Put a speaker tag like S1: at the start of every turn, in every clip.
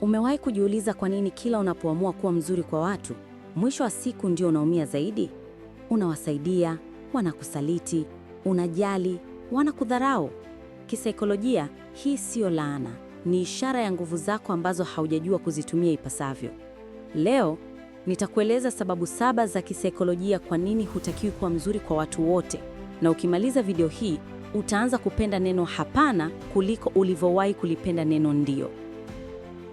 S1: Umewahi kujiuliza kwa nini kila unapoamua kuwa mzuri kwa watu, mwisho wa siku ndio unaumia zaidi? Unawasaidia, wanakusaliti, unajali, wanakudharau. Kisaikolojia, hii siyo laana, ni ishara ya nguvu zako ambazo haujajua kuzitumia ipasavyo. Leo nitakueleza sababu saba za kisaikolojia kwa nini hutakiwi kuwa mzuri kwa watu wote, na ukimaliza video hii utaanza kupenda neno hapana kuliko ulivyowahi kulipenda neno ndio.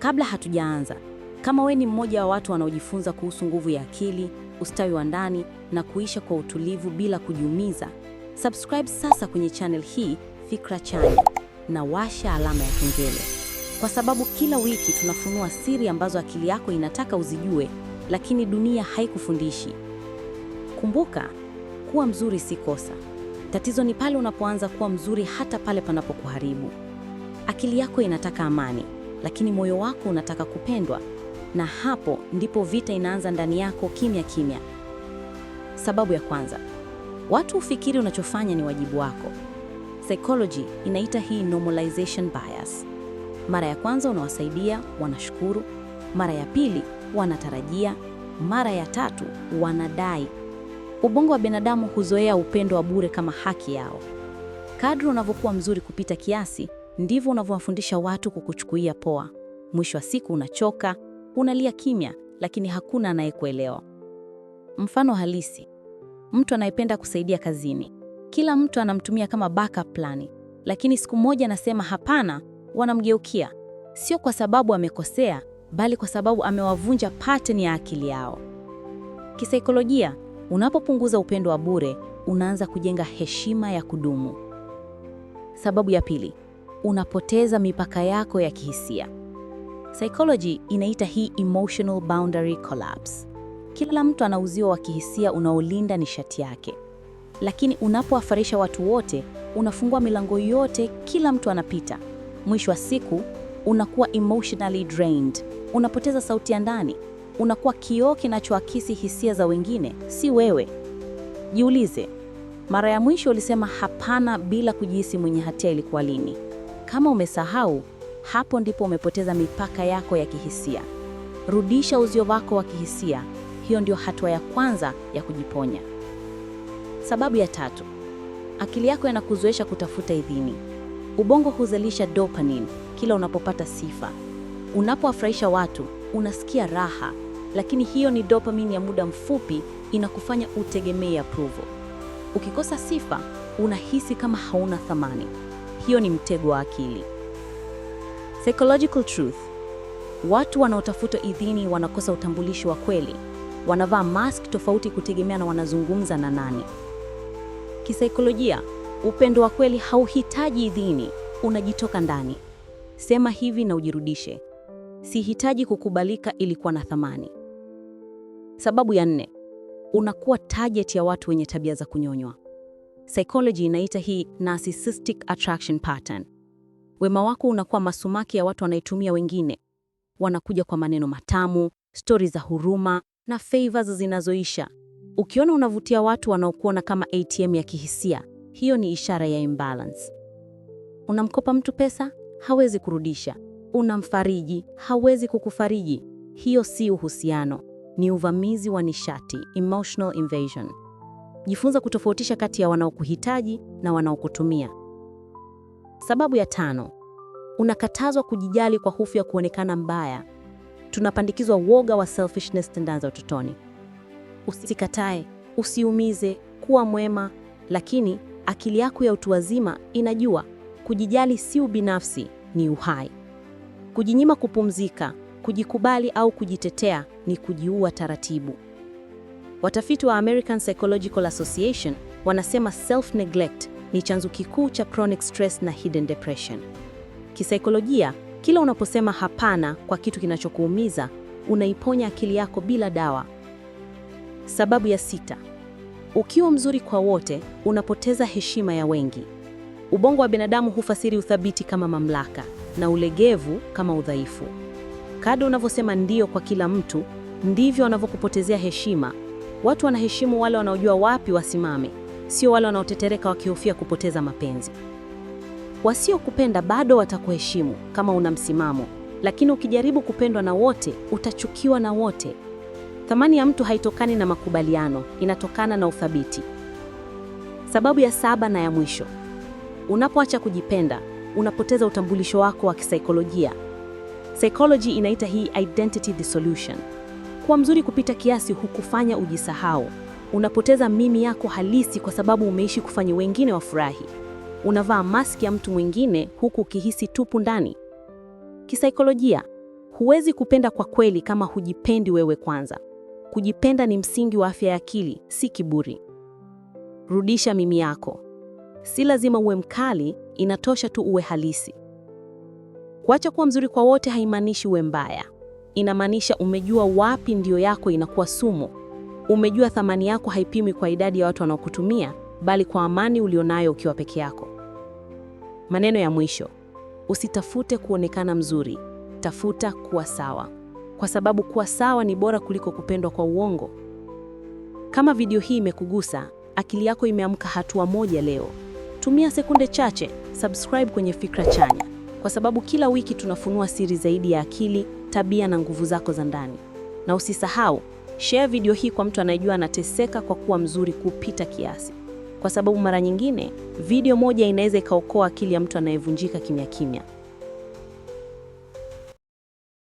S1: Kabla hatujaanza, kama we ni mmoja wa watu wanaojifunza kuhusu nguvu ya akili, ustawi wa ndani na kuisha kwa utulivu bila kujiumiza, subscribe sasa kwenye channel hii Fikra Chanya na washa alama ya kengele, kwa sababu kila wiki tunafunua siri ambazo akili yako inataka uzijue, lakini dunia haikufundishi. Kumbuka, kuwa mzuri si kosa. Tatizo ni pale unapoanza kuwa mzuri hata pale panapokuharibu. Akili yako inataka amani, lakini moyo wako unataka kupendwa, na hapo ndipo vita inaanza ndani yako kimya kimya. Sababu ya kwanza, watu hufikiri unachofanya ni wajibu wako. Psychology inaita hii normalization bias. Mara ya kwanza unawasaidia, wanashukuru. Mara ya pili wanatarajia, mara ya tatu wanadai. Ubongo wa binadamu huzoea upendo wa bure kama haki yao. Kadri unavyokuwa mzuri kupita kiasi, Ndivyo unavyowafundisha watu kukuchukulia poa. Mwisho wa siku unachoka, unalia kimya, lakini hakuna anayekuelewa. Mfano halisi: mtu anayependa kusaidia kazini, kila mtu anamtumia kama backup plan, lakini siku moja anasema hapana, wanamgeukia, sio kwa sababu amekosea, bali kwa sababu amewavunja pattern ya akili yao. Kisaikolojia, unapopunguza upendo wa bure, unaanza kujenga heshima ya kudumu. Sababu ya pili unapoteza mipaka yako ya kihisia. Psychology inaita hii emotional boundary collapse. Kila mtu ana uzio wa kihisia unaolinda nishati yake, lakini unapowafarisha watu wote, unafungua milango yote, kila mtu anapita. Mwisho wa siku unakuwa emotionally drained, unapoteza sauti ya ndani, unakuwa kioo kinachoakisi hisia za wengine, si wewe. Jiulize, mara ya mwisho ulisema hapana bila kujihisi mwenye hatia ilikuwa lini? Kama umesahau, hapo ndipo umepoteza mipaka yako ya kihisia. Rudisha uzio wako wa kihisia. Hiyo ndio hatua ya kwanza ya kujiponya. Sababu ya tatu, akili yako inakuzoesha kutafuta idhini. Ubongo huzalisha dopamine kila unapopata sifa. Unapowafurahisha watu unasikia raha, lakini hiyo ni dopamine ya muda mfupi, inakufanya utegemee approval. Ukikosa sifa, unahisi kama hauna thamani hiyo ni mtego wa akili. Psychological truth. Watu wanaotafuta idhini wanakosa utambulisho wa kweli, wanavaa mask tofauti kutegemea na wanazungumza na nani. Kisaikolojia, upendo wa kweli hauhitaji idhini, unajitoka ndani. Sema hivi na ujirudishe, sihitaji kukubalika ili kuwa na thamani. Sababu ya nne, unakuwa target ya watu wenye tabia za kunyonywa. Psychology inaita hii narcissistic attraction pattern. Wema wako unakuwa masumaki ya watu wanaitumia wengine. Wanakuja kwa maneno matamu, stori za huruma na favors zinazoisha. Ukiona unavutia watu wanaokuona kama ATM ya kihisia, hiyo ni ishara ya imbalance. Unamkopa mtu pesa, hawezi kurudisha. Unamfariji, hawezi kukufariji. Hiyo si uhusiano, ni uvamizi wa nishati, emotional invasion. Jifunza kutofautisha kati ya wanaokuhitaji na wanaokutumia. Sababu ya tano, unakatazwa kujijali kwa hofu ya kuonekana mbaya. Tunapandikizwa woga wa selfishness tendanza za utotoni. Usikatae, usiumize, kuwa mwema. Lakini akili yako ya utu wazima inajua kujijali si ubinafsi, ni uhai. Kujinyima kupumzika, kujikubali au kujitetea ni kujiua taratibu. Watafiti wa American Psychological Association wanasema self neglect ni chanzo kikuu cha chronic stress na hidden depression. Kisaikolojia, kila unaposema hapana kwa kitu kinachokuumiza, unaiponya akili yako bila dawa. Sababu ya sita, ukiwa mzuri kwa wote, unapoteza heshima ya wengi. Ubongo wa binadamu hufasiri uthabiti kama mamlaka na ulegevu kama udhaifu. Kadri unavyosema ndio kwa kila mtu, ndivyo wanavyokupotezea heshima Watu wanaheshimu wale wanaojua wapi wasimame, sio wale wanaotetereka wakihofia kupoteza mapenzi. Wasiokupenda bado watakuheshimu kama una msimamo, lakini ukijaribu kupendwa na wote utachukiwa na wote. Thamani ya mtu haitokani na makubaliano, inatokana na uthabiti. Sababu ya saba na ya mwisho, unapoacha kujipenda unapoteza utambulisho wako wa kisaikolojia. Psychology inaita hii identity dissolution. Kuwa mzuri kupita kiasi hukufanya ujisahau. Unapoteza mimi yako halisi kwa sababu umeishi kufanya wengine wafurahi. Unavaa maski ya mtu mwingine huku ukihisi tupu ndani. Kisaikolojia, huwezi kupenda kwa kweli kama hujipendi wewe kwanza. Kujipenda ni msingi wa afya ya akili, si kiburi. Rudisha mimi yako. Si lazima uwe mkali, inatosha tu uwe halisi. Kuacha kuwa mzuri kwa wote haimaanishi uwe mbaya inamaanisha umejua wapi ndio yako inakuwa sumu. Umejua thamani yako haipimwi kwa idadi ya watu wanaokutumia, bali kwa amani ulionayo ukiwa peke yako. Maneno ya mwisho: usitafute kuonekana mzuri, tafuta kuwa sawa, kwa sababu kuwa sawa ni bora kuliko kupendwa kwa uongo. Kama video hii imekugusa, akili yako imeamka hatua moja leo, tumia sekunde chache, subscribe kwenye Fikra Chanya, kwa sababu kila wiki tunafunua siri zaidi ya akili tabia na nguvu zako za ndani. Na usisahau share video hii kwa mtu anayejua anateseka kwa kuwa mzuri kupita kiasi, kwa sababu mara nyingine video moja inaweza ikaokoa akili ya mtu anayevunjika kimya kimya.